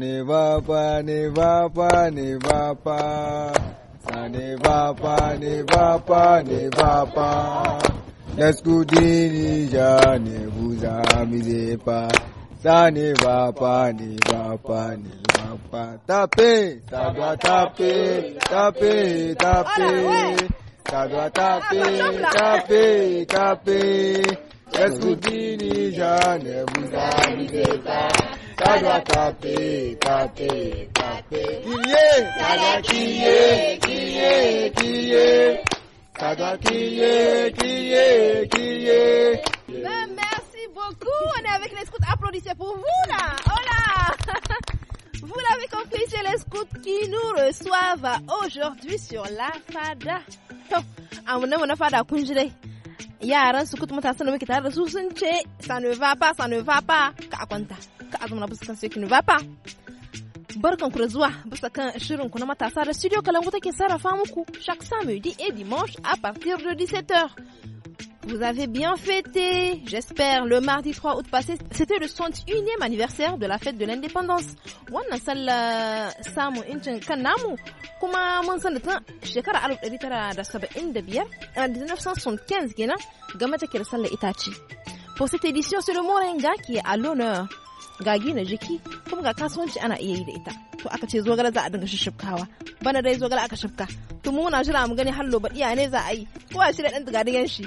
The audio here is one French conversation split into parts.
ne va pas, ne va pas, ne va pas. Ça ne va pas, ne va pas, ne va pas. L'escoudini, ja, ne vous amusez pas. Ça ne va pas, ne va pas, ne va pas. Taper, ça doit taper, taper, taper. Ça doit taper, taper, taper. L'escoudini, ja, ne vous amusez pas ça doit taper, taper, taper. Crier, ça doit crier, crier, crier. Ça doit crier, crier, crier. merci beaucoup. On est avec les scouts. Applaudissez pour vous là. Hola. Oh, vous l'avez compris, c'est les scouts qui nous reçoivent aujourd'hui sur la FADA. yaran su kutu matasan da muke tare da su sun ce ça ne va pas ça ne va pas ka a duka abin da bisa sai kin ba fa barkan ku da zuwa bisa kan shirin ku na matasa da studio kalangu take sarrafa muku chaque samedi et dimanche à partir de 17h Vous avez bien fêté, j'espère, le mardi 3 août passé. C'était le 61e anniversaire de la fête de l'indépendance. Wannan sallah samun incin kan namu kuma mun san da tun shekara 1975 1975 kenan game take da sallar itace. Pour cette édition, c'est le Moringa qui est à l'honneur ga gina jiki kuma ga kasuwanci ana iya yi da ita to aka ce zogale za a dinga shishifkawa bana dai zogale aka shifka to mu na jira mu gani hallo baɗiya ne za a yi ko a shirya ɗan tigadigan shi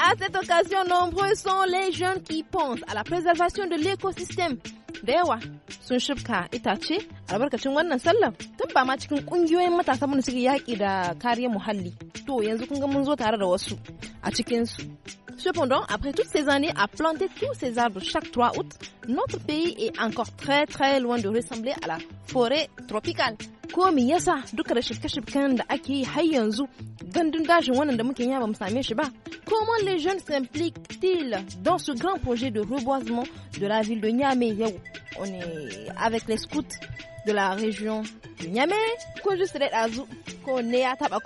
à cette occasion nombreux sont les jeunes qui pensent à la préservation de l'écosystème da yawa sun shifka itace albarkacin wannan sallar tun ba ma cikin kungiyoyin matasa mun suke yaƙi da kariyar muhalli to yanzu kun ga mun zo tare da wasu a cikin su cependant après toutes ces années à planter tous ces arbres chaque 3 août notre pays est encore très très loin de ressembler à la forêt tropicale. Comment les jeunes s'impliquent-ils dans ce grand projet de reboisement de la ville de Niamey On est avec les scouts de la région de Niamey. Ko juste d'être qu'on est à table,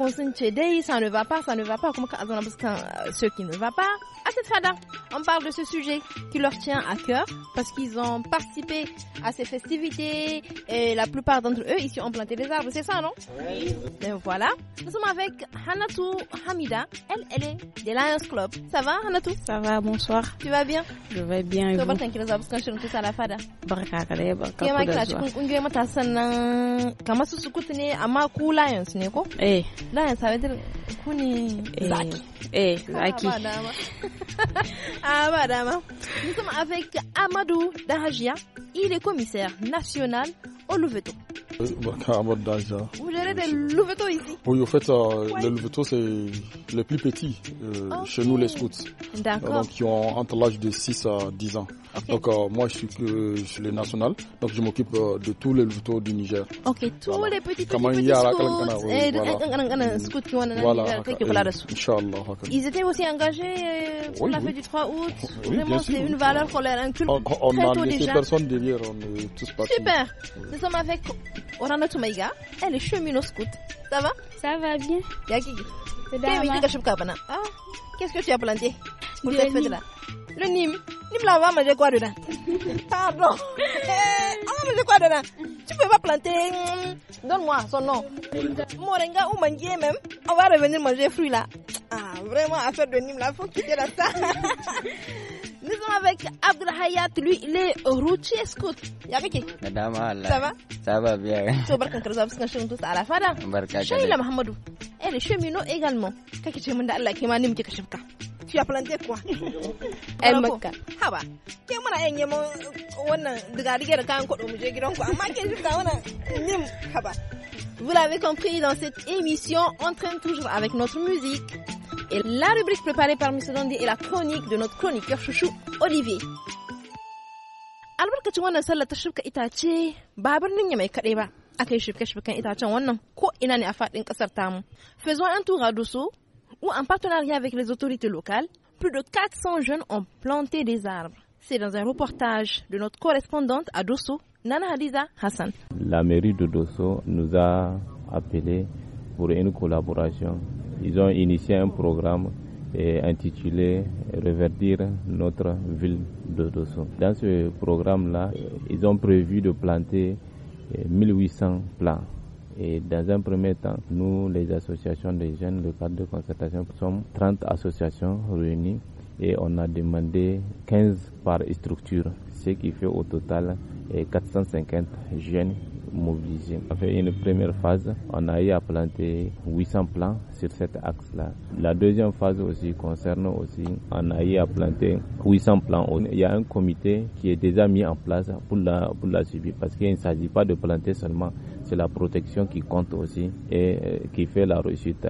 ça ne va pas, ça ne va pas, comme euh, ceux qui ne va pas à cette fada. On parle de ce sujet qui leur tient à cœur parce qu'ils ont participé à ces festivités et la plupart d'entre eux ici ont planté des arbres, c'est ça, non Oui. Et voilà. Nous sommes avec Hanatou Hamida. Elle, elle est des Lions Club. Ça va, Hanatou Ça va, bonsoir. Tu vas bien Je vais bien. Et vous Tu à la fada. Baraka kare, baraka. Kema kina cikin kungiyar matasan nan comment su sukutu ne amma ku Lions ne ko? Eh. Lions, ça veut dire ku ne eh. zaki. Eh, ah, zaki. ah, madame. Nous sommes avec Amadou Darajia. Il est commissaire national au Louveteau. Euh, bah, Vous gérez des Louveteaux ici Oui, au fait, euh, les Louveteaux, c'est les plus petits euh, chez nous, les scouts. D'accord. donc, qui ont entre l'âge de 6 à 10 ans. Donc euh, moi je suis, le national, donc je m'occupe euh, de tous les louveteaux du Niger. Ok, tous voilà. les petits scout qui scouts. Voilà. Voilà. Ils étaient aussi engagés pour euh, la fête du 3 août. Oui, Vraiment, c'est une valeur qu'on leur inculque on, n'a laissé personne derrière, on est tous partis. Super. Nous sommes avec Orana Toumaïga, elle est cheminot scout. Ça va Ça va bien. Hein. Ah, qu'est-ce que tu as planté Le Le Nîmes. Nîmes là, on va manger quoi dedans Pardon. Eh, on va manger quoi dedans Tu peux pas planter. Hmm, donne-moi son nom. Moringa ou manguier même. On va revenir manger fruits là. Ah, vraiment, affaire de Nîmes là, il faut quitter la salle. Nous sommes avec Abdelhayat, lui, il est routier scout. Yabiki Madame Allah. Ça va Ça va bien. Tu barkan karza biskan shirin tusa ala fada. Barka. Shaila Mahamadou. Elle eh, est cheminot également. Kake ce mun da Allah ke ma nim kika shifka. Tu as planté quoi El Makka. Haba. Ke muna yan mon. wannan diga dige da kayan kodo mu je gidan ku amma ke shifka wannan nim haba. Vous l'avez compris dans cette émission, en train toujours avec notre musique la rubrique préparée par M. Dondi est la chronique de notre chroniqueur chouchou, Olivier. faisons un tour à Dosso où en partenariat avec les autorités locales plus de 400 jeunes ont planté des arbres c'est dans un reportage de notre correspondante à Dosso Nana Hadiza Hassan la mairie de Dosso nous a appelé pour une collaboration ils ont initié un programme euh, intitulé Reverdir notre ville de Dosso. Dans ce programme-là, euh, ils ont prévu de planter 1800 euh, plants. Et dans un premier temps, nous, les associations des jeunes, le cadre de concertation, sommes 30 associations réunies et on a demandé 15 par structure, ce qui fait au total 450 jeunes mobilisés. On une première phase, on a eu à planter 800 plants sur cet axe-là. La deuxième phase aussi concerne aussi, on a eu à planter 800 plants. Il y a un comité qui est déjà mis en place pour la, pour la suivi parce qu'il ne s'agit pas de planter seulement, c'est la protection qui compte aussi et euh, qui fait la réussite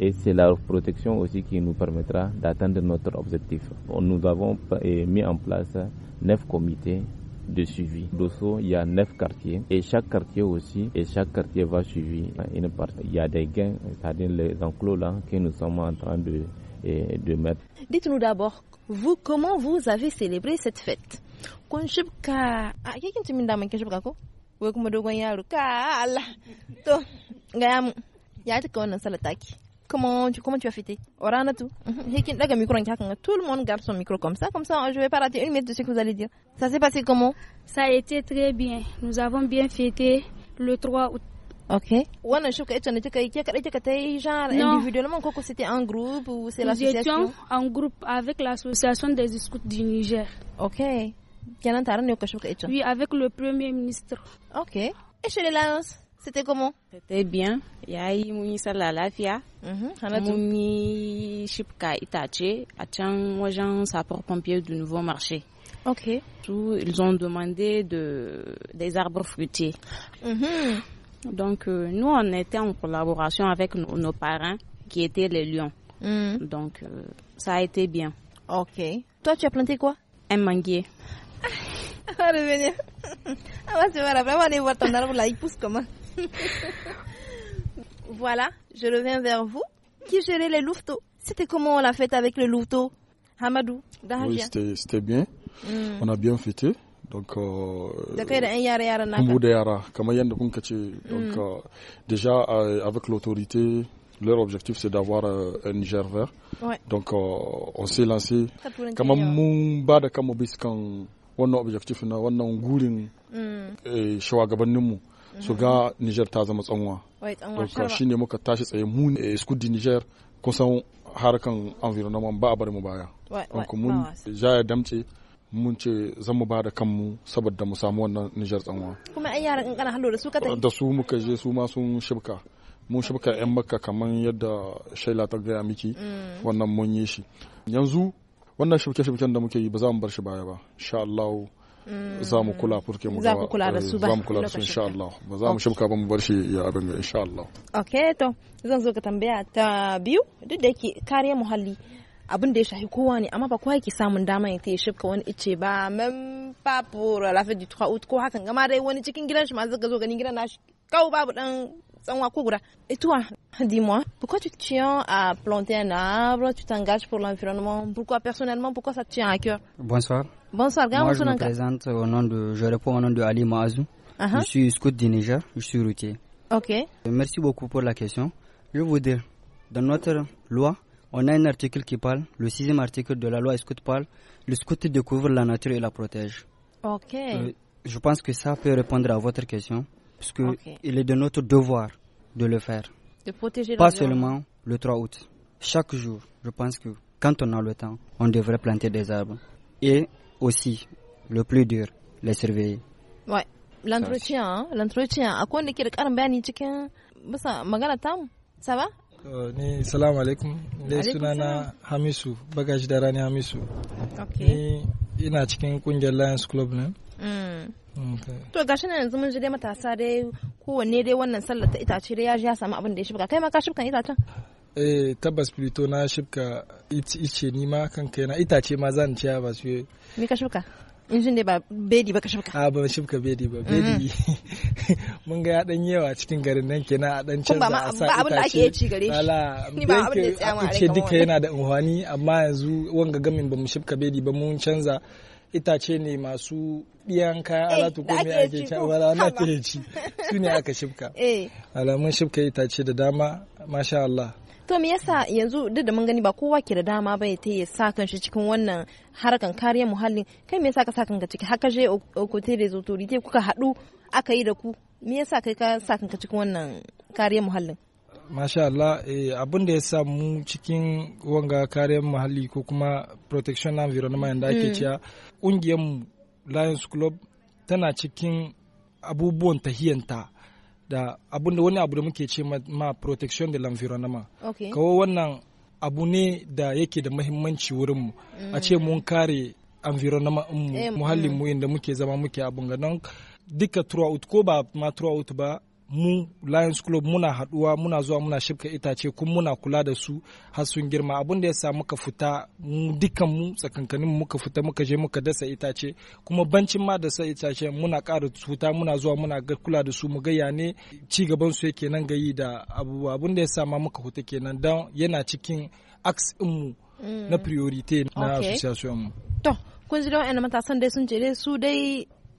et c'est la protection aussi qui nous permettra d'atteindre notre objectif. Nous avons euh, mis en place neuf comités de suivi. Dosso, il y a neuf quartiers et chaque quartier aussi, et chaque quartier va suivre une partie. Il y a des gains, c'est-à-dire les enclos là que nous sommes en train de, de mettre. Dites-nous d'abord, vous, comment vous avez célébré cette fête comment tu, comment tu as fêté Orana tout. Mhm. Tout le monde garde son micro comme ça, comme ça je vais pas rater une minute de ce que vous allez dire. Ça s'est passé comment Ça a été très bien. Nous avons bien fêté le 3 août. Ok. individuellement c'était en groupe ou c'est l'association Nous étions en groupe avec l'association des scouts du Niger. Ok. Oui, avec le premier ministre. Ok. Et chez les Lions c'était comment C'était bien. Yayi eu yi sallah lafiya. Mun mhm. yi shifka itace a can wajen sapeur pompier du nouveau marché. Ok. Tout, ils ont demandé de, des arbres fruitiers. Mm Donc euh, nous on était en collaboration avec nos, parents qui étaient les lions. Mm. Donc euh, ça a été bien. Ok. Toi tu as planté quoi Un manguier. On va revenir. se voir après. On va aller voir ton arbre là, il pousse comment voilà, je reviens vers vous. Qui gérait les louveteaux C'était comment la fait avec le louveteau Hamadou, Oui, c'était bien. Hmm. On a bien fêté. donc euh, hmm. euh, déjà euh, avec l'autorité leur objectif c'est d'avoir un Niger vert donc on s'est lancé su ga Niger ta zama tsanwa. Shi ne muka tashi tsaye mu ne eh, di Niger kusan harkan environment ba a bari mu baya. mun jaya damce mun ce zan mu ba da kanmu saboda mu samu wannan Niger tsanwa. Kuma ai yaran kankana hallo da su ka Da su muka je su ma sun shibka. Mun shibka 'yan makka kamar yadda Shaila ta gaya miki mm. wannan mun yi shi. Yanzu wannan shibke-shibken da muke yi ba za mu bar shi baya ba. Insha Allah Hmm. zamu kula furke mu za ku kula da eh, su ba zamu kula da su insha Allah ba za mu shimka ba mu bar shi ya abin insha Allah okay to zan zo ka tambaya ta biyu duk da yake kariyar muhalli abin da ya shafi kowa ne amma ba kowa yake samun dama ya ya shifka wani ice ba man papo lafiya di tuwa ko hakan gama dai wani cikin gidan shi ma zaka zo ganin gidan nashi kawo babu dan tsanwa ko guda et toi dis-moi pourquoi tu tiens à planter un arbre tu t'engages pour l'environnement pourquoi personnellement pourquoi ça te tient à cœur bonsoir Bonsoir, Moi, je me présente au nom de, je réponds au nom de Ali Maazou. Uh-huh. Je suis scout du Niger, je suis routier. Ok. Merci beaucoup pour la question. Je vous dire, dans notre loi, on a un article qui parle, le sixième article de la loi scout parle, le scout découvre la nature et la protège. Ok. Euh, je pense que ça peut répondre à votre question, puisque il est de notre devoir de le faire. De protéger Pas seulement le 3 août. Chaque jour, je pense que quand on a le temps, on devrait planter des arbres. Et aussi le plus dur les surveiller ouais l'entretien hein? l'entretien akwai wanda ke da karin bayani cikin bisa magana tamu ça va euh, ni salam alaikum dai sunana hamisu bagaji da rani hamisu ni ina cikin kungiyar lions club ne Mm. to shi ne yanzu mun ji dai matasa dai kowanne dai wannan sallar ta itace dai ya ji ya samu abin da ya shibka kai ma ka shibkan itacen eh tabbas fito na shibka ice ni ma kan kai na itace ma zan ciya ba su ni ka shibka in shi ne ba bedi ba ka shibka a ba shibka bedi ba bedi mm. mun ga ya dan yawa cikin garin nan kenan a dan canza a sa itace ba abin da ake ci gare shi ni ba abin da ya tsaya ma a duka yana da unhwani amma yanzu wanga gamin ba mu shibka bedi ba mun canza itace ne masu ɗiyan kayan eh, alatu ko me ake ci wala Allah ta ci su ne aka shifka eh. alamun shifka itace da dama masha Allah to me yasa yanzu duk da mun gani ba kowa ke da dama ba ya taya sa kan shi cikin wannan harkan kariyar muhalli kai me yasa ka sa kan ka ciki haka je okote da te kuka haɗu aka yi da ku me yasa kai ka sa ka cikin wannan kariyar muhallin masha Allah eh, abin da ya samu cikin wanga kariyar muhalli ko kuma protection environment da ake mm. cewa ƙungiyarmu lions club tana cikin abubuwan tahiyanta da abinda wani abu da muke ce ma, protection de l'environnement kawo wannan abu ne da yake da mahimmanci wurinmu a ce mun kare environnement mu eh, mm. muhallinmu inda muke zama muke abun ga don duka throughout ko ba ma throughout ba mu Lions Club muna haduwa muna zuwa muna shibka itace kuma muna kula da su har sun girma abin da ya sa muka fita dukkan mu tsakankanin muka fita muka je muka dasa itace kuma bancin ma dasa itace muna ƙara tuta muna zuwa muna kula da su mu ga ya ne ci gaban su yake nan gayi da abubuwa abin da ya sa ma muka fita kenan dan yana cikin din mu mm. na priority na association mu to kun ji da wa'annan matasan dai sun ce dai su dai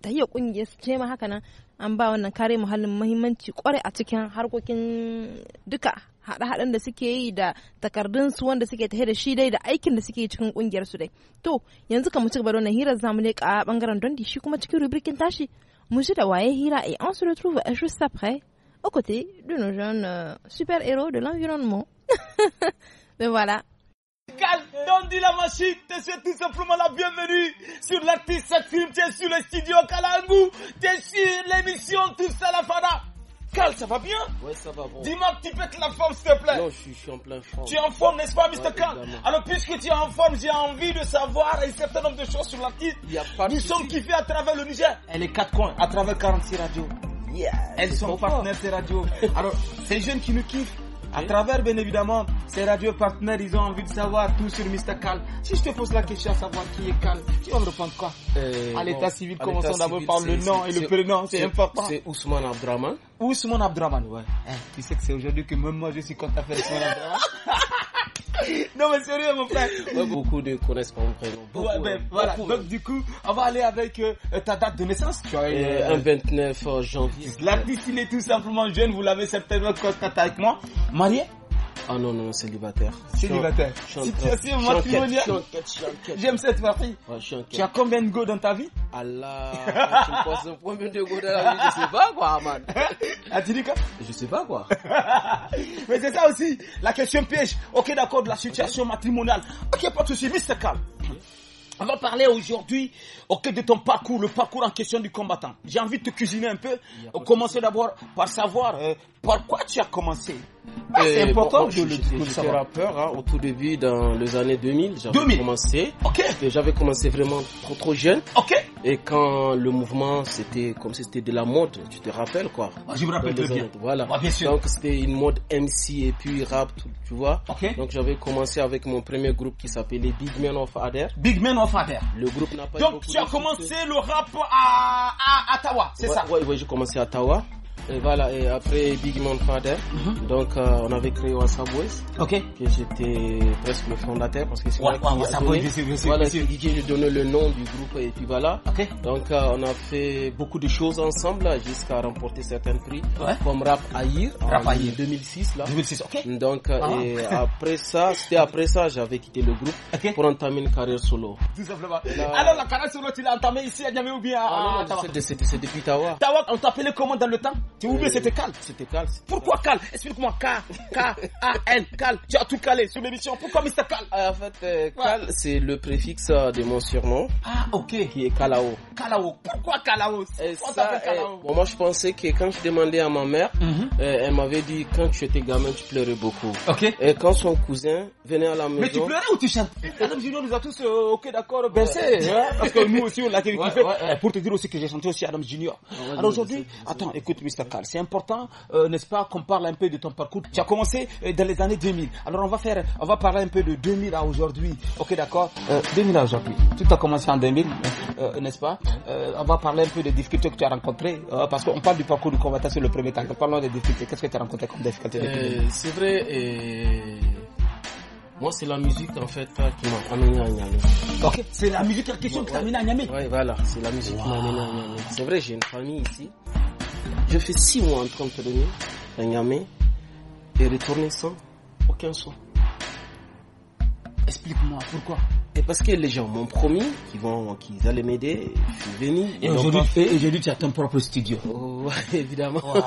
ta yi kungiyar su ce ma haka nan an ba wannan kare muhallin muhimmanci kwarai a cikin harkokin duka haɗe-haɗen da suke yi da takardun su wanda suke tafe da shi dai da aikin da suke yi cikin kungiyar su dai to yanzu ka mu ci gaba da wannan hirar zamu ka bangaren dondi shi kuma cikin rubrikin tashi mu ji da waye hira a on se retrouve juste après aux côté de nos jeunes euh, super héros de l'environnement mais voilà musicale dit la machine. Te souhaite tout simplement la bienvenue sur l'artiste film. T'es sur le studio Kalangu. T'es sur l'émission tout ça, la Fada. Cal, ça va bien Oui, ça va bon. Dis-moi que tu pètes la forme, s'il te plaît. Non, je suis, en plein forme. Tu es en forme, n'est-ce pas, Mr. Cal Alors, puisque tu es en forme, j'ai envie de savoir un certain nombre de choses sur l'artiste. Il y Nous sommes kiffés à travers le Niger. Elle est quatre coins, à travers 46 radios. Yeah, Elles sont partenaires ces radios. Alors, ces jeunes qui nous kiffent, à travers, bien évidemment, ces radios partenaires, ils ont envie de savoir tout sur Mr. Cal. Si je te pose la question à savoir qui est Cal, tu vas me répondre quoi euh, À l'état civil, commençons d'abord par le nom et le prénom, c'est important. C'est Ousmane Abdraman. Ousmane Abdraman, ouais. Eh, tu sais que c'est aujourd'hui que même moi je suis content à faire Ousmane Abdraman. non, mais sérieux, mon frère. beaucoup de connaissent mon prénom. Ben, voilà. Donc, du coup, on va aller avec euh, ta date de naissance. Tu as euh, un 29 euh, janvier. La il est tout simplement jeune, vous l'avez certainement constaté avec moi. Marié ah non, non, célibataire. Célibataire. Situation matrimoniale. J'aime cette partie tu as combien de go dans ta vie Allah. tu de dans la vie Je sais pas quoi, man. Ah, tu quoi Je sais pas quoi. Mais c'est ça aussi. La question piège. Ok, d'accord, de la situation matrimoniale. Ok, pas de souci, Mr. Calme. On va parler aujourd'hui de ton parcours, le parcours en question du combattant. J'ai envie de te cuisiner un peu. Commencer d'abord par savoir euh, par quoi tu as commencé bah, c'est important je, le rappeur hein, au tout début dans les années 2000. J'avais commencé. J'avais commencé vraiment trop trop jeune. Et quand le mouvement c'était comme si c'était de la mode, tu te rappelles quoi ah, Je me rappelle très bien. voilà. Ah, Donc c'était une mode MC et puis rap, tu vois. Donc j'avais commencé avec mon premier groupe qui s'appelait Big Men of Adair. Big Men of Le groupe Donc tu as commencé le rap à Ottawa c'est ça Oui, ouais, j'ai commencé à Ottawa et voilà, et après Big Man Father, mhm. donc euh, on avait créé WhatsApp Boys. Que j'étais presque le fondateur parce que c'est moi qui WhatsApp donné, voilà, qui donné le nom du groupe et puis voilà. Donc euh, on a fait beaucoup de choses ensemble jusqu'à remporter certains prix comme Rap Aïr en 2006 là. 2006, ok. Donc euh, ah. et après ça, c'était après ça j'avais quitté le groupe pour entamer une carrière solo. Tout simplement. Alors la carrière solo tu l'as entamée ici à Niamey ou bien ah, à ah, c'est depuis Tawa. Tawa, on t'appelait comment dans le temps tu oublies, c'était Cal. C'était Cal. Pourquoi Cal Explique-moi. K, K, A, L, Cal. Tu as tout calé sur l'émission. Pourquoi Mr. Cal euh, En fait, euh, Cal, c'est le préfixe euh, de mon surnom. Ah, ok. Qui est Kalao. Kalao. Pourquoi Kalao Pourquoi Kalao eh, Moi, je pensais que quand je demandais à ma mère, mhm. elle m'avait dit quand tu étais gamin, tu pleurais beaucoup. Ok. Et quand son cousin venait à la maison. Mais tu pleurais ou tu chantais Adam Junior nous a tous, ok, d'accord, bercé. Ben, hein. parce que nous aussi, on l'a ouais, Pour te dire aussi que j'ai chanté aussi Adam Junior. Ah Alors aujourd'hui, attends, écoute, Mr. C'est important, euh, n'est-ce pas, qu'on parle un peu de ton parcours. Tu as commencé euh, dans les années 2000. Alors on va faire, on va parler un peu de 2000 à aujourd'hui. Ok, d'accord. 2000 euh, à aujourd'hui. Tout a commencé en 2000, n'est-ce pas On va parler un peu des difficultés que tu as rencontrées, parce qu'on parle du parcours du combattant sur le premier temps. Parlons des difficultés. Qu'est-ce que tu as rencontré comme difficultés C'est vrai. Moi, c'est la musique en fait hein, qui m'a amené à Ok, c'est la musique question qui t'a amené à Niamey. Oui, voilà, c'est la musique qui m'a amené C'est vrai, j'ai une famille ici. Je fais six mois en train de venir, un gamin et retourner sans aucun soin. Explique-moi pourquoi. Et parce que les gens m'ont promis qu'ils vont, qu'ils allaient m'aider, je suis venu. Et aujourd'hui, tu as ton propre studio. Oh, évidemment.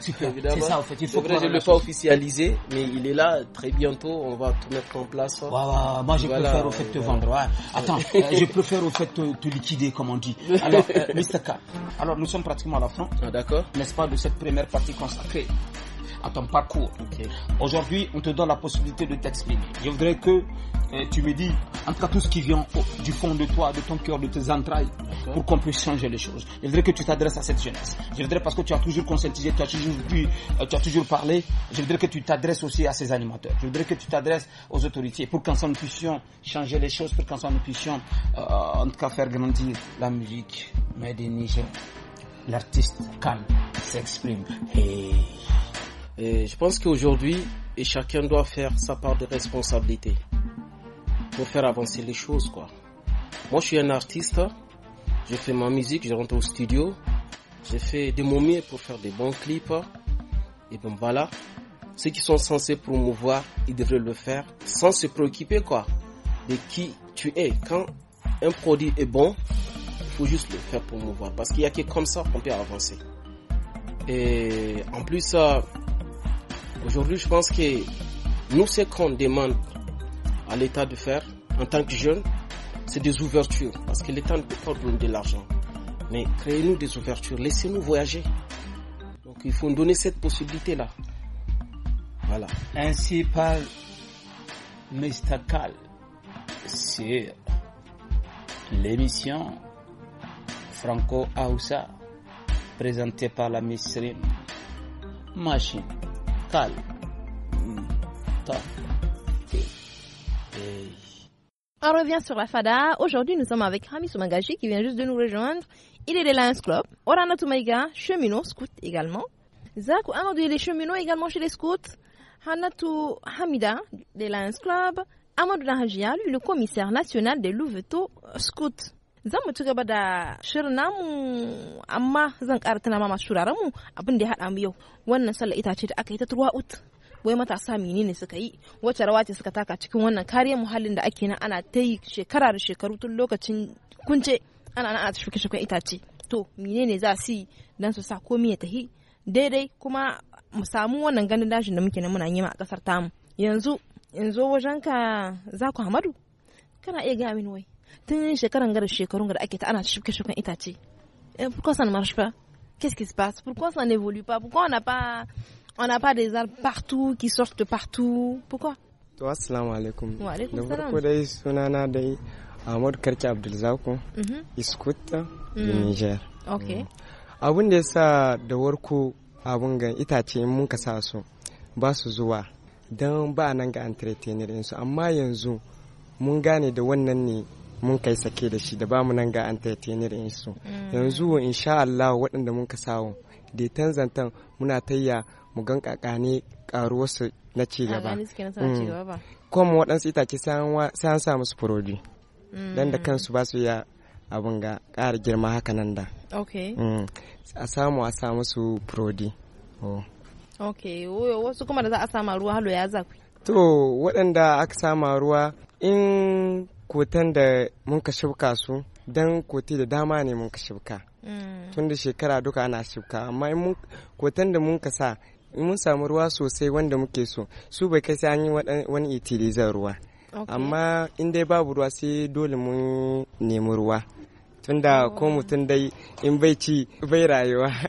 C'est ça, en fait. Il faut que je ne l'ai pas officialiser, mais il est là. Très bientôt, on va tout mettre en place. Hein. Moi, je préfère au fait te vendre. Attends, je préfère au fait te, liquider, comme on dit. Alors, euh, Mr. K, alors nous sommes pratiquement à la fin. Ah, d'accord. N'est-ce pas, de cette première partie consacrée ton parcours. Aujourd'hui, on te donne la possibilité de t'exprimer. Je voudrais que euh, tu me dis, en tout cas, tout ce qui vient du fond de toi, de ton cœur, de tes entrailles, pour qu'on puisse changer les choses. Je voudrais que tu t'adresses à cette jeunesse. Je voudrais, parce que tu as toujours conscientisé, tu as toujours pu, euh, tu as toujours parlé, je voudrais que tu t'adresses aussi à ces animateurs. Je voudrais que tu t'adresses aux autorités pour qu'ensemble nous puissions changer les choses, pour qu'ensemble nous puissions, euh, en tout cas, faire grandir la musique. mais des l'artiste calme s'exprime. Hey je pense qu'aujourd'hui, chacun doit faire sa part de responsabilité pour faire avancer les choses, quoi. Moi, je suis un artiste, je fais ma musique, je rentre au studio, Je fais des mon pour faire des bons clips. Et ben voilà, ceux qui sont censés promouvoir, ils devraient le faire sans se préoccuper quoi de qui tu es. Quand un produit est bon, il faut juste le faire promouvoir parce qu'il y a que comme ça qu'on peut avancer. Et en plus, euh, Aujourd'hui, je pense que nous, ce qu'on demande à l'État de faire en tant que jeune, c'est des ouvertures. Parce que l'État ne peut pas donner de l'argent. Mais créez-nous des ouvertures, laissez-nous voyager. Donc il faut nous donner cette possibilité-là. Voilà. Ainsi parle Mr. sur l'émission Franco Aoussa présentée par la Miss Machine. Mm. On revient sur la FADA. Aujourd'hui, nous sommes avec Rami Soumangaji qui vient juste de nous rejoindre. Il est de Lions Club. Orana Toumaïga, cheminot, scout également. Zach Amadou, il est cheminot également chez les scouts. Hanatou Hamida, de Lions Club. Amadou Nahajia, lui, le commissaire national des Louveteaux euh, Scouts. zan mu ci gaba da shirin namu amma zan ƙara tana ma masu turaren mu abin da ya haɗa mu yau wannan sallar itace da aka yi ta ut wai matasa menene suka yi wacce rawa ce suka taka cikin wannan kariyar muhallin da ake nan ana ta yi shekara da shekaru tun lokacin kunce ana nan ana shuke-shuken itace to menene za su yi don su sa komai ya tahi daidai kuma mu samu wannan ganin dashin da muke nan muna yi ma a kasar tamu yanzu in zo wajenka za ku hamadu kana iya gaya min wai tun shekaran gara shekarun gara ake ta ana shuke shukan itace eh pourquoi ça ne marche pas qu'est-ce qui se passe pourquoi ça n'évolue pas pourquoi on n'a pas on n'a pas des arbres partout qui sortent de partout pourquoi to assalamu alaikum wa alaikum salam ko dai sunana dai Ahmad Karki Abdulzaku mhm. Iskuta mhm. da Niger okay mhm. abun da yasa da warko abun ga itace mun ka sa su ba su zuwa don ba nan ga entretener su amma yanzu mun gane da wannan ne mun kai sake da shi da bamu nan ga an taitenir da su mm. yanzu insha Allah waɗanda mun ka samu da zantan muna tayya mu gan kakane karuwarsu na ci gaba mu mm. waɗansu itace sai an sa musu furoji mm. dan da kansu ba su ya abin ga ƙara girma haka nan da a samu a samu su furodi oh. ok wasu kuma da za a sama ruwa halo ya zafi to waɗanda aka sama ruwa in kotan da mun ka shibka su dan koti da dama ne mun ka shibka mm. tun da shekara duka ana shibka amma in kotan da mun ka sa in mun samu ruwa sosai wanda muke so su bai kai sai an yi wani itilizar ruwa amma in dai babu ruwa sai dole mun nemi ruwa tunda ko oh. mutum dai in bai ci bai rayuwa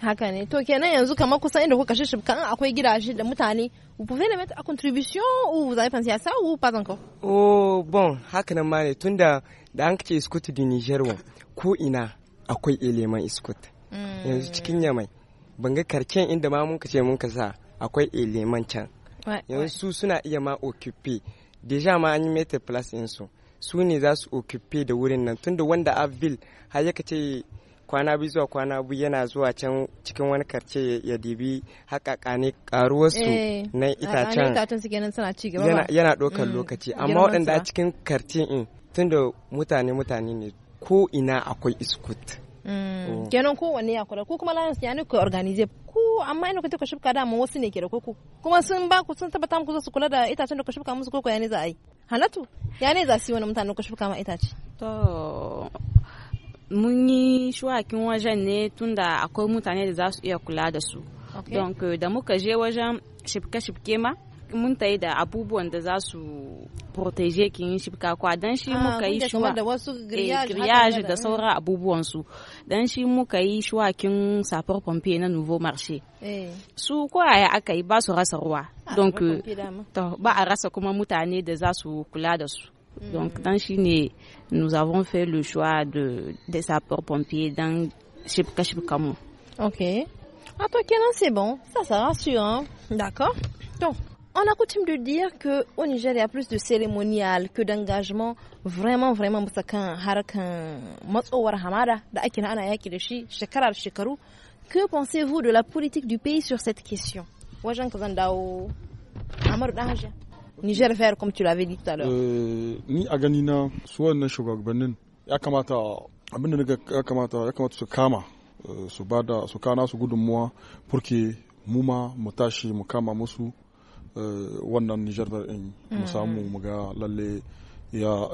haka ne to kenan yanzu kamar kusan inda kuka shishibka in akwai gidaje da mutane vous pouvez les mettre a contribution ou vous avez pensé à ça ou pas encore oh bon haka nan ma ne tunda da an kace iskut di Niger wa ko ina akwai eleman iskut mm. yanzu cikin yamai ban ga karken inda ma mun kace mun kasa akwai eleman can yanzu su suna iya ma occupy deja ma an yi meta place in su su ne za su occupy da wurin nan tunda wanda avil har ya ce. kwana biyu zuwa kwana biyu yana zuwa can cikin wani karce ya dibi haƙaƙa ne ƙaruwarsu eh, na itacen yana ɗaukar mm, lokaci amma waɗanda a cikin karce in da mutane mutane ne ko ina akwai iskut mm, oh. kenan wanne ya kula ko kuma lions ya ne organize ko amma ina kuta ku shibka da amma wasu ne ke da koko kuma sun ba ku sun tabbata muku su kula da itacen da ku shibka musu ko ya ne za a yi halatu ya ne za su yi wani mutane ku ma itace to mun yi shuwakin wajen ne tunda akwai mutane da za su iya kula da su don euh, da muka je wajen shifke-shifke ma mun ta yi da abubuwan da za su protege kin shifka kwa dan shi ah, muka yi shuwa eh, da da sauran abubuwan su dan shi muka yi shuwakin safar pompe na nouveau marché eh. su ko yaya aka yi ba su rasa ruwa ah, don ba a rasa kuma mutane da za su kula da su Mm. Donc, dans Chine, nous avons fait le choix de, des sapeurs-pompiers dans Chipka Chipkamo. Ok. En non, c'est bon. Ça, ça rassure, hein. D'accord. Donc, on a coutume de dire qu'au Niger il y a plus de cérémonial que d'engagement vraiment vraiment musakan Harakan, matsowar hamada da ake ana shekaru que pensez-vous de la politique du pays sur cette question Je amar Niger Vert, comme tu l'avais dit tout à l'heure. Euh, ni a ganina su wannan shugabannin ya kamata abin yakamata, ya kamata ya kamata su kama su bada su kana su gudunmuwa furke mu ma mu tashi mu kama musu wannan euh, Niger Vert din mu mm-hmm. lale, mu ga lalle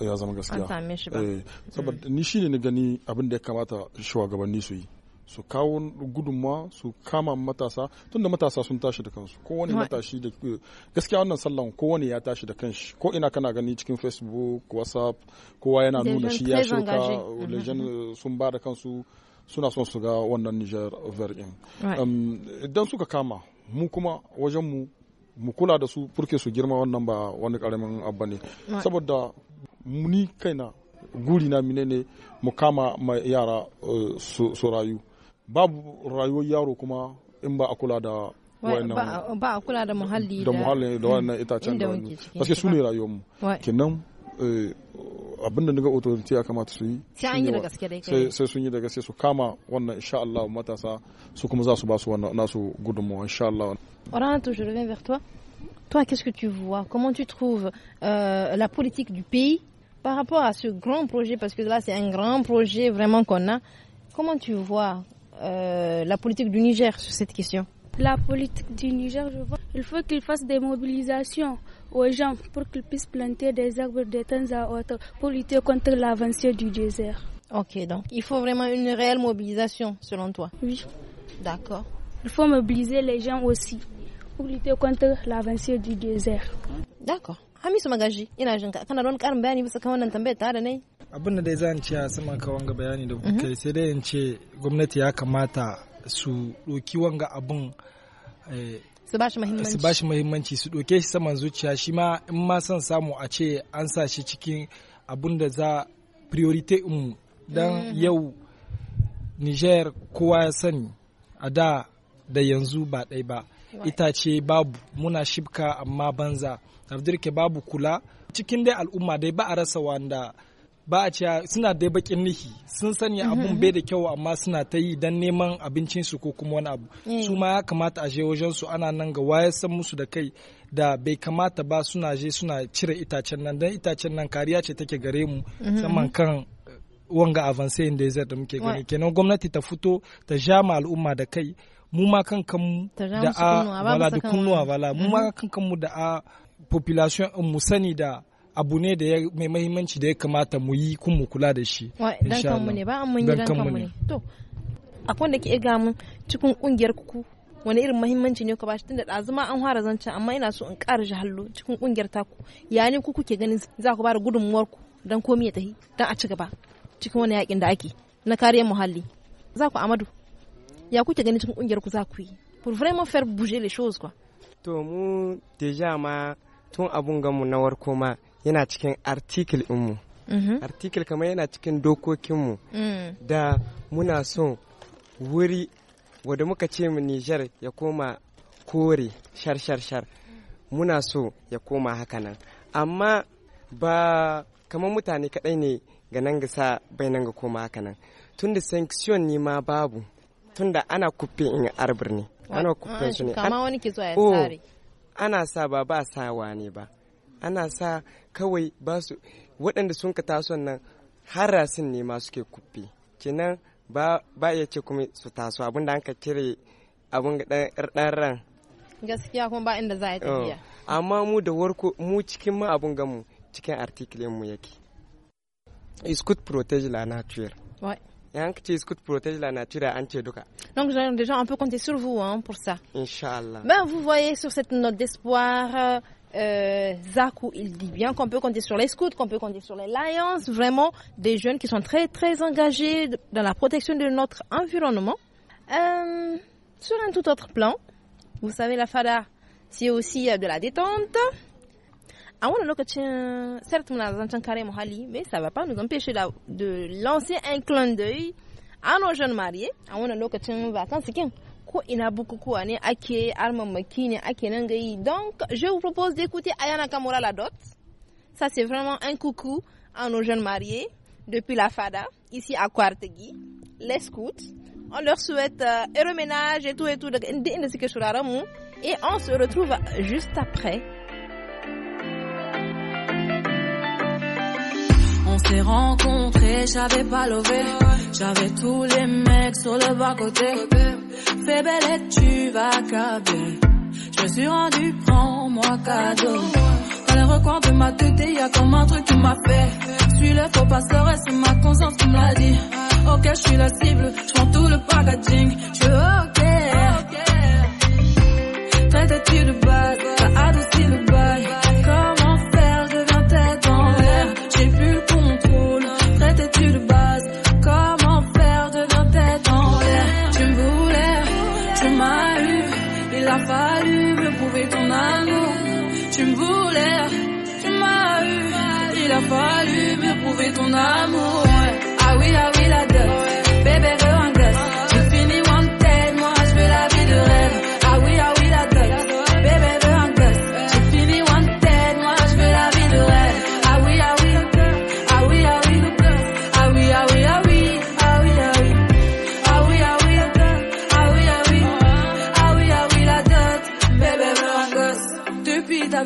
ya zama gaskiya. Saboda ni ne na gani abin da ya kamata shugabanni su yi. su kawo gudunmawa su kama matasa tunda matasa sun tashi da kansu kowane matashi da gaskiya wannan sallan kowane ya tashi da kanshi ko ina kana gani cikin facebook whatsapp kowa yana nuna shi ya shirka uh, mm-hmm. lejen uh, sun ba da kansu suna son su ga wannan niger verin um, idan suka kama mu kuma wajen mu mu kula da su furke su girma wannan ba wani karamin abu ne saboda ni kaina guri na mine ne mu kama ma yara uh, su rayu babu rayo yaro kuma in ba a kula da wa'annan ba a kula da muhalli da muhalli da wa'annan itacen da wani paske su ne rayuwarmu kenan eh, abin da daga authority ya kamata su yi sai sun yi da gaske su kama wannan insha Allah matasa su kuma za su ba su wannan nasu gudunmawa insha Allah Oranto je reviens vers toi toi qu'est-ce que tu vois comment tu trouves euh, la politique du pays par rapport à ce grand projet parce que là c'est un grand projet vraiment qu'on a comment tu vois euh, la politique du Niger sur cette question La politique du Niger, je vois, il faut qu'il fasse des mobilisations aux gens pour qu'ils puissent planter des arbres de temps à autre pour lutter contre l'avancée du désert. Ok, donc il faut vraiment une réelle mobilisation selon toi Oui. D'accord. Il faut mobiliser les gens aussi pour lutter contre l'avancée du désert. D'accord. Hamisu ina kana don karin bayani bisa kan wannan tambayar abin da dai zan ce a saman ka wanga bayani da kuka mhm. sai dai in ce gwamnati ya kamata su ɗoki wanga abin eh, su ba shi muhimmanci su doke saman zuciya shi ma in ma son samu a ce an sa shi cikin abin da za priorite mu dan mhm. yau Niger kowa ya sani a da da yanzu ba ɗai ba itace babu muna shibka amma banza abdurke babu kula cikin dai al'umma dai ba a rasa wanda ba a cewa suna da bakin nihi sun sanya mhm. abun bai da kyau amma suna ta yi don neman abincin su ko kuma wani abu eh. su ma ya kamata a je wajen su ana nan ga wayar san musu da kai da bai kamata ba suna je suna cire itacen nan don itacen nan kariya ce take gare mu mhm. saman kan wanga avance in desert da muke gani kenan gwamnati ta fito ta ja ma al'umma da kai mu ma kan kanmu da a wala da kunnuwa wala mu ma mhm. kan kanmu da a population mu sani da abu ne da mai mahimmanci da ya kamata mu yi kun mu kula da shi dan kanmu ne ba an mun yi dan kanmu ne to akwai wanda ke ga mun cikin kungiyar ku wani irin mahimmanci ne ku ba shi tunda ɗazuma an fara zancen amma ina so in ƙara shi hallo cikin ƙungiyar taku ya ne ku kuke ganin za ku bada da gudunmuwar ku don komai ya tafi don a ci gaba cikin wani yakin da ake na kariyar muhalli za ku amadu ya kuke ganin cikin ƙungiyar ku za ku yi pour vraiment faire bouger les choses quoi to mu deja ma tun abun gamu na warko ma yana cikin artikel mu mhm. artikel kamar yana cikin dokokinmu mm. da muna son wuri wadda muka ce mu Nijar ya koma kore shar-shar-shar muna so ya koma haka nan amma ba kamar mutane kaɗai ne ga nan gasa sa bai nan ga koma tun tunda sanction ne ma babu tunda ana kufe in arbir ne ana ah, kufe su ne kama wani ke zuwa ya tsare oh, ana sa ba ba sawa ne ba ana sa kawai ba su waɗanda sun ka taso nan harasin ne ma suke kuffi kenan ba iya ce kuma su taso abin da an ka cire abin er, ɗan ran gaskiya kuma ba inda za a oh, tafiya amma mu da warko mu cikin ma abin gamu cikin article mu yake is could protege la nature ouais yank ce scout protège la nature à Antiedoka. Donc déjà un peu compté sur vous hein, pour ça. Inch'Allah. Ben vous voyez sur cette note d'espoir, euh, euh, Zaku, il dit bien qu'on peut compter sur les scouts, qu'on peut compter sur les Lions, vraiment des jeunes qui sont très très engagés dans la protection de notre environnement. Euh, sur un tout autre plan, vous savez la fada, c'est aussi euh, de la détente. Ah, certes, on mais ça ne va pas nous empêcher de lancer un clin d'œil à nos jeunes mariés. À un vacances, ko ina ake ake nan gayi donc je vous propose d'écouter Ayana Kamura la dot ça c'est vraiment un coucou à nos jeunes mariés depuis la Fada ici à Kwartegui les scouts on leur souhaite euh, heureux reménage et tout et tout et on se retrouve juste après On s'est rencontrés, j'avais pas levé. J'avais tous les mecs sur le bas côté fais belle et tu vas caber. Je suis rendu, prends-moi cadeau. Dans les recoins de ma tête, y a comme un truc qui m'a fait. Suis le faux pasteur et c'est ma conscience qui me l'a dit. Ok, je suis la cible, je prends tout le packaging. Je veux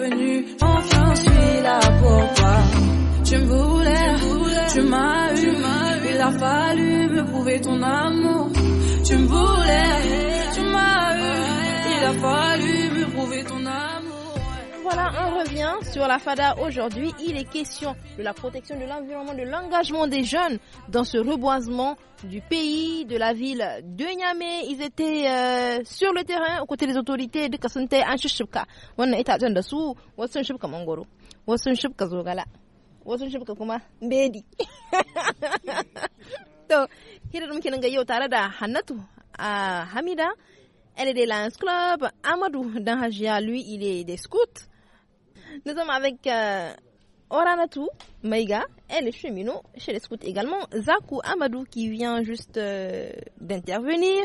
venu, je suis là pour toi. Tu me voulais, tu m'as eu, il a fallu me prouver ton amour. Tu me voulais, tu m'as eu, il a fallu me voilà, on revient sur la FADA aujourd'hui. Il est question de la protection de l'environnement, de l'engagement des jeunes dans ce reboisement du pays, de la ville de Niamey. Ils étaient euh, sur le terrain aux côtés des autorités de Kassante en Shishibka. On est à Jandasu, Watson Shibka Mangoro, Watson Shibka Zogala, Watson Shibka Kuma, Bedi. Donc, hirar muke nan ga yau tare da Hannatu a Hamida, elle est des Lions Club, Amadou Danhagia, lui, il est des scouts. Nous sommes avec euh, Oranatou Maïga, elle est nous, chez les scouts également. Zaku Amadou qui vient juste euh, d'intervenir.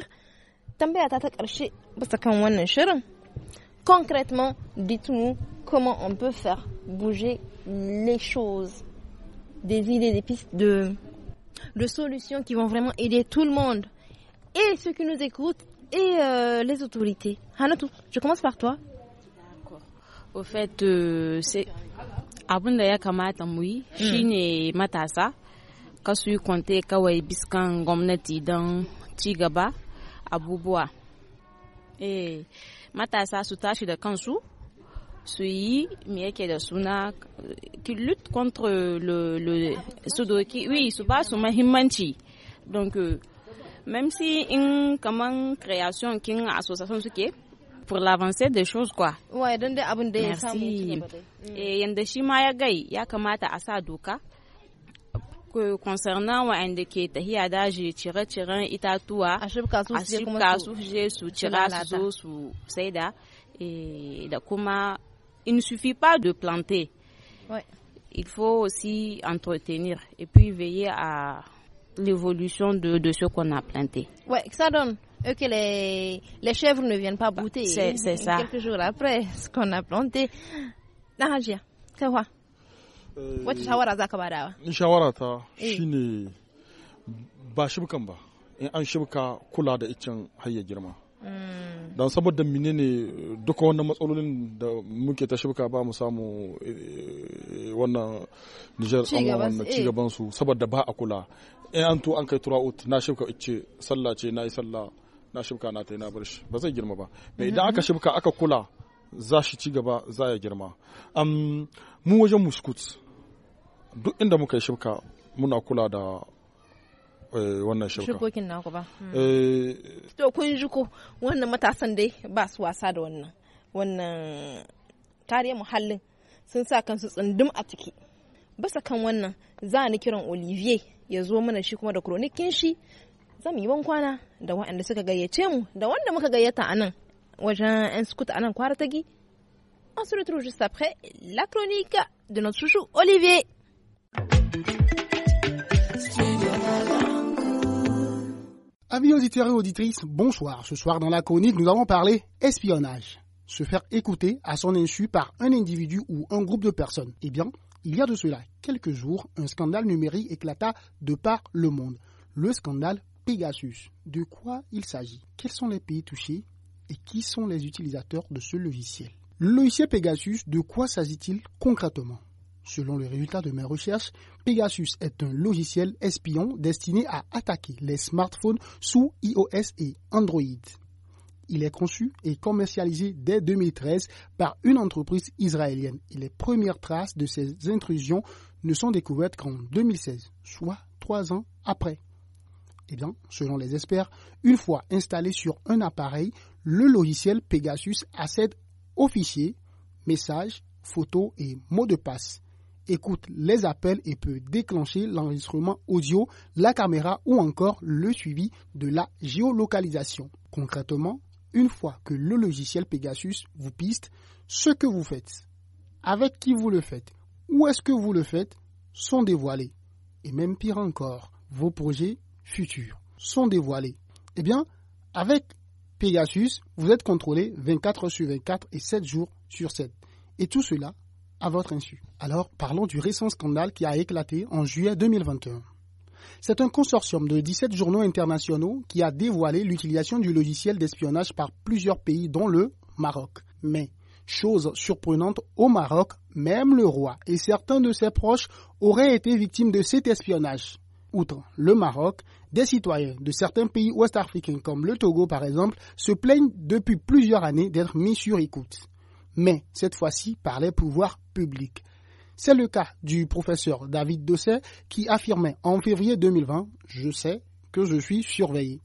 Concrètement, dites-nous comment on peut faire bouger les choses, des idées, des pistes de, solutions qui vont vraiment aider tout le monde et ceux qui nous écoutent et euh, les autorités. Hanatou, je commence par toi. Au fait, euh, c'est abin da ya kamata mu yi hmm. shine matasa ka su yi kwante kawai biskan gwamnati don cigaba abubuwa eh matasa su tashi da kansu su yi me yake da suna ki lutte contre le, le su doki oui su ba su mahimmanci donc euh, même si in kaman création kin association suke pour l'avancée des choses quoi ouais don dai abin da ya samu eh yanda shi ma ya gai ya kamata a sa doka concernant wa'anda ke tahiya daji cire-ciren itatuwa a shibka su je su cira su zo su saida da kuma il ne suffit pas de planter ouais. il faut aussi entretenir et puis veiller à l'évolution de, de ce qu'on a planté ouais ça donne eux que les, les chèvres ne viennent pas bouter. C'est, ça. Quelques jours après, ce qu'on a planté. Na c'est quoi euh, wa? tu shawara za ka Ni shawara ta eh. shine ba shibkan ba. In an shibka kula da iccen har ya girma. Hmm. don saboda ne duka wannan matsalolin da muke ta shibka ba mu samu eh, wannan nijar wannan eh. cigaban su saboda ba a kula in an to an kai ut na shibka ice sallah ce na yi sallah na shibka na ta na bar shi ba zai girma ba mai idan aka shibka aka kula za shi ci gaba za ya girma mu wajen muskut duk inda muka yi shibka muna kula da eh, wannan shauka. Shukokin naku ba. Hmm. Eh, to kun ji ko wannan matasan dai ba su wasa da wannan wannan tare muhallin sun sa kansu tsundum a ciki. bisa kan wannan za ni kiran Olivier ya zo mana shi kuma da kronikin shi On se retrouve juste après la chronique de notre chouchou Olivier. Amis auditeurs et auditrices, bonsoir. Ce soir dans la chronique, nous avons parlé espionnage. Se faire écouter à son insu par un individu ou un groupe de personnes. Eh bien, il y a de cela quelques jours, un scandale numérique éclata de par le monde. Le scandale Pegasus. De quoi il s'agit Quels sont les pays touchés et qui sont les utilisateurs de ce logiciel Le logiciel Pegasus, de quoi s'agit-il concrètement Selon les résultats de mes recherches, Pegasus est un logiciel espion destiné à attaquer les smartphones sous iOS et Android. Il est conçu et commercialisé dès 2013 par une entreprise israélienne les premières traces de ces intrusions ne sont découvertes qu'en 2016, soit trois ans après eh selon les experts, une fois installé sur un appareil, le logiciel Pegasus accède aux fichiers, messages, photos et mots de passe, écoute les appels et peut déclencher l'enregistrement audio, la caméra ou encore le suivi de la géolocalisation. Concrètement, une fois que le logiciel Pegasus vous piste, ce que vous faites, avec qui vous le faites, où est-ce que vous le faites, sont dévoilés. Et même pire encore, vos projets futurs sont dévoilés eh bien, avec Pegasus, vous êtes contrôlé 24 sur 24 et 7 jours sur 7. Et tout cela à votre insu. Alors, parlons du récent scandale qui a éclaté en juillet 2021. C'est un consortium de 17 journaux internationaux qui a dévoilé l'utilisation du logiciel d'espionnage par plusieurs pays, dont le Maroc. Mais, chose surprenante, au Maroc, même le roi et certains de ses proches auraient été victimes de cet espionnage. Outre le Maroc, des citoyens de certains pays ouest-africains, comme le Togo par exemple, se plaignent depuis plusieurs années d'être mis sur écoute. Mais cette fois-ci par les pouvoirs publics. C'est le cas du professeur David Dosset qui affirmait en février 2020 Je sais que je suis surveillé.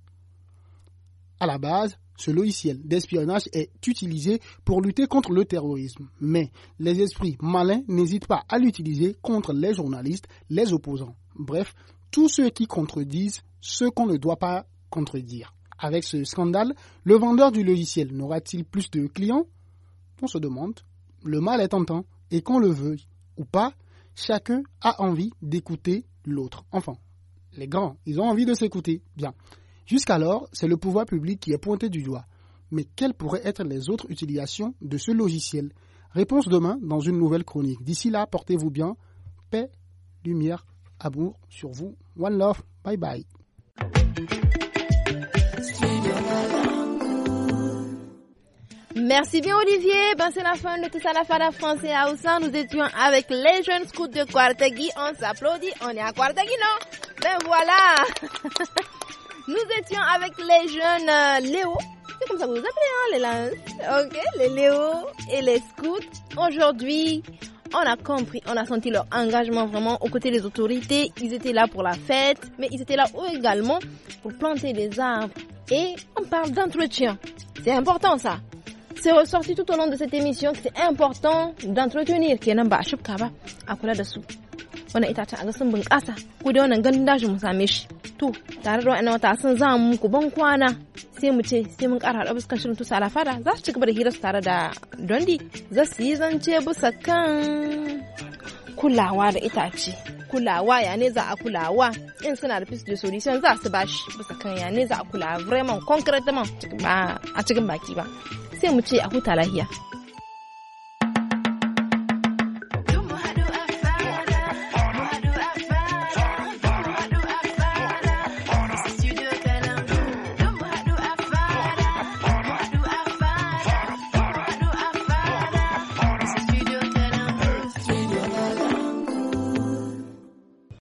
À la base, ce logiciel d'espionnage est utilisé pour lutter contre le terrorisme, mais les esprits malins n'hésitent pas à l'utiliser contre les journalistes, les opposants, bref, tous ceux qui contredisent ce qu'on ne doit pas contredire. Avec ce scandale, le vendeur du logiciel n'aura-t-il plus de clients On se demande. Le mal est en temps. et qu'on le veuille ou pas, chacun a envie d'écouter l'autre. Enfin, les grands, ils ont envie de s'écouter. Bien. Jusqu'alors, c'est le pouvoir public qui est pointé du doigt. Mais quelles pourraient être les autres utilisations de ce logiciel Réponse demain dans une nouvelle chronique. D'ici là, portez-vous bien. Paix, lumière, amour sur vous. One love. Bye bye. Merci bien Olivier. Ben c'est la fin de tout ça la fada français à Oussan. Nous étions avec les jeunes scouts de Quartegui. On s'applaudit. On est à Quartegui, non Ben voilà. Nous étions avec les jeunes euh, Léo. C'est comme ça que vous vous appelez, hein, les lins. Ok, les Léo et les scouts. Aujourd'hui, on a compris, on a senti leur engagement vraiment aux côtés des autorités. Ils étaient là pour la fête, mais ils étaient là également pour planter des arbres. Et on parle d'entretien. C'est important ça. c'est ressorti tout au long de cette émission que c'est important d'entretenir kenan ba a shifka ba a kula da su wannan itacen a ga sun bunƙasa ku da wannan ganin dashi mu same shi to tare da wa'annan wata sun za mu ku ban kwana sai mu ce sai mun ƙara haɗa bisa shirin ça alafada za su ci gaba da hirar tare da dondi za su yi zance bisa kan kulawa da itace kulawa ya ne za a kulawa in suna da fiscal solution za su bashi bisa kan ya ne za a kulawa vraiment concrètement a cikin baki ba sai mu ce a huta lahiya